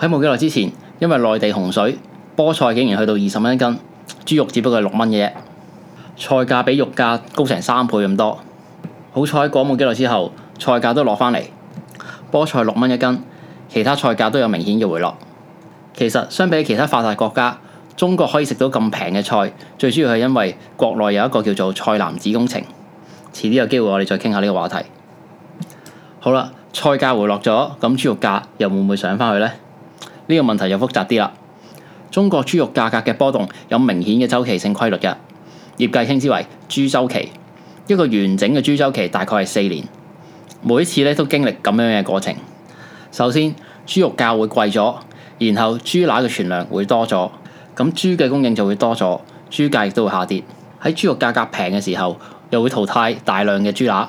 喺冇幾耐之前，因為內地洪水，菠菜竟然去到二十蚊一斤，豬肉只不過係六蚊嘅啫，菜價比肉價高成三倍咁多。好彩過冇幾耐之後，菜價都落翻嚟，菠菜六蚊一斤，其他菜價都有明顯嘅回落。其實相比其他發達國家，中國可以食到咁平嘅菜，最主要係因為國內有一個叫做菜籃子工程。遲啲有機會我哋再傾下呢個話題。好啦，菜價回落咗，咁豬肉價又會唔會上翻去呢？呢個問題就複雜啲啦。中國豬肉價格嘅波動有明顯嘅周期性規律嘅，業界稱之為豬週期。一個完整嘅豬週期大概係四年，每一次咧都經歷咁樣嘅過程。首先，豬肉價會貴咗，然後豬乸嘅存量會多咗，咁豬嘅供應就會多咗，豬價亦都會下跌。喺豬肉價格平嘅時候，又會淘汰大量嘅豬乸，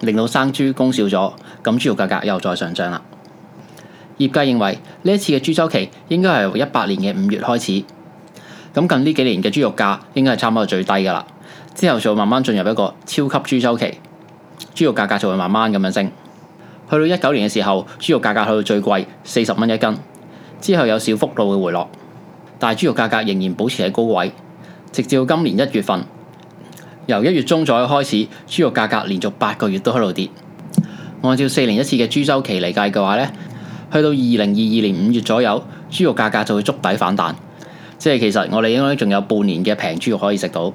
令到生豬供少咗，咁豬肉價格又再上漲啦。業界認為呢一次嘅豬週期應該係由一八年嘅五月開始，咁近呢幾年嘅豬肉價應該係差唔多最低㗎喇，之後就會慢慢進入一個超級豬週期，豬肉價格就會慢慢咁樣升，去到一九年嘅時候，豬肉價格去到最貴四十蚊一斤，之後有小幅度嘅回落，但係豬肉價格仍然保持喺高位，直至到今年一月份，由一月中左右開始，豬肉價格連續八個月都喺度跌，按照四年一次嘅豬週期嚟計嘅話咧。去到二零二二年五月左右，豬肉價格就會觸底反彈，即係其實我哋應該仲有半年嘅平豬肉可以食到。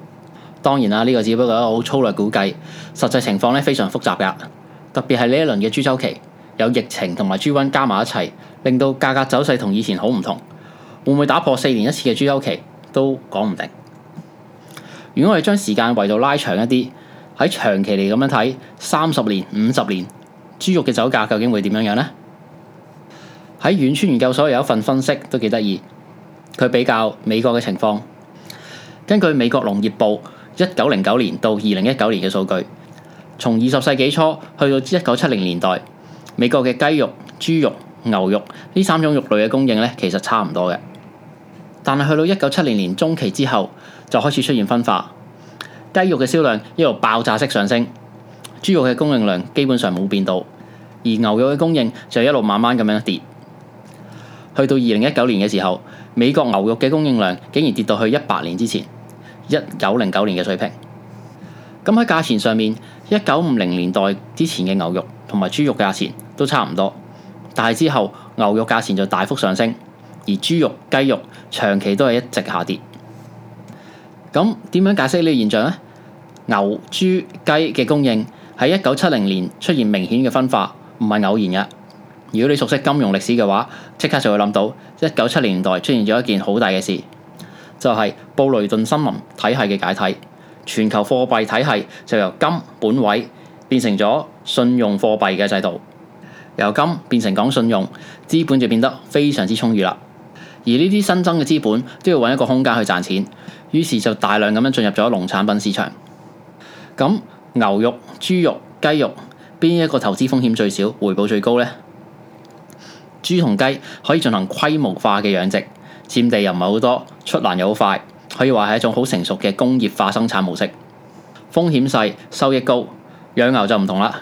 當然啦，呢、這個只不過係一個好粗略估計，實際情況咧，非常複雜嘅。特別係呢一輪嘅豬周期有疫情同埋豬瘟加埋一齊，令到價格走勢同以前好唔同。會唔會打破四年一次嘅豬周期都講唔定。如果我哋將時間維度拉長一啲，喺長期嚟咁樣睇三十年、五十年豬肉嘅走價究竟會點樣樣呢？喺遠村研究所有一份分析都幾得意，佢比較美國嘅情況。根據美國農業部一九零九年到二零一九年嘅數據，從二十世紀初去到一九七零年代，美國嘅雞肉、豬肉、牛肉呢三種肉類嘅供應呢，其實差唔多嘅。但係去到一九七零年中期之後，就開始出現分化，雞肉嘅銷量一路爆炸式上升，豬肉嘅供應量基本上冇變到，而牛肉嘅供應就一路慢慢咁樣跌。去到二零一九年嘅時候，美國牛肉嘅供應量竟然跌到去一百年之前一九零九年嘅水平。咁喺價錢上面，一九五零年代之前嘅牛肉同埋豬肉價錢都差唔多，但係之後牛肉價錢就大幅上升，而豬肉、雞肉長期都係一直下跌。咁點樣解釋呢個現象呢？牛、豬、雞嘅供應喺一九七零年出現明顯嘅分化，唔係偶然嘅。如果你熟悉金融歷史嘅話，即刻就會諗到一九七零年代出現咗一件好大嘅事，就係布雷頓森林體系嘅解體，全球貨幣體系就由金本位變成咗信用貨幣嘅制度，由金變成講信用，資本就變得非常之充裕啦。而呢啲新增嘅資本都要揾一個空間去賺錢，於是就大量咁樣進入咗農產品市場。咁牛肉、豬肉、雞肉邊一個投資風險最少、回報最高咧？豬同雞可以進行規模化嘅養殖，佔地又唔係好多，出欄又好快，可以話係一種好成熟嘅工業化生產模式，風險細，收益高。養牛就唔同啦，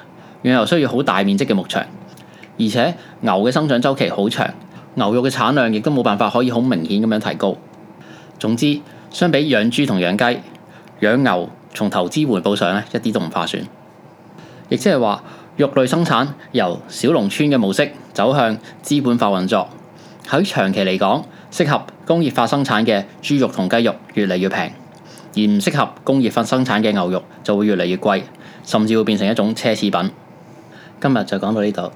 養牛需要好大面積嘅牧場，而且牛嘅生長週期好長，牛肉嘅產量亦都冇辦法可以好明顯咁樣提高。總之，相比養豬同養雞，養牛從投資回報上咧一啲都唔划算，亦即係話，肉類生產由小農村嘅模式走向資本化運作，喺長期嚟講，適合工業化生產嘅豬肉同雞肉越嚟越平，而唔適合工業化生產嘅牛肉就會越嚟越貴，甚至會變成一種奢侈品。今日就講到呢度。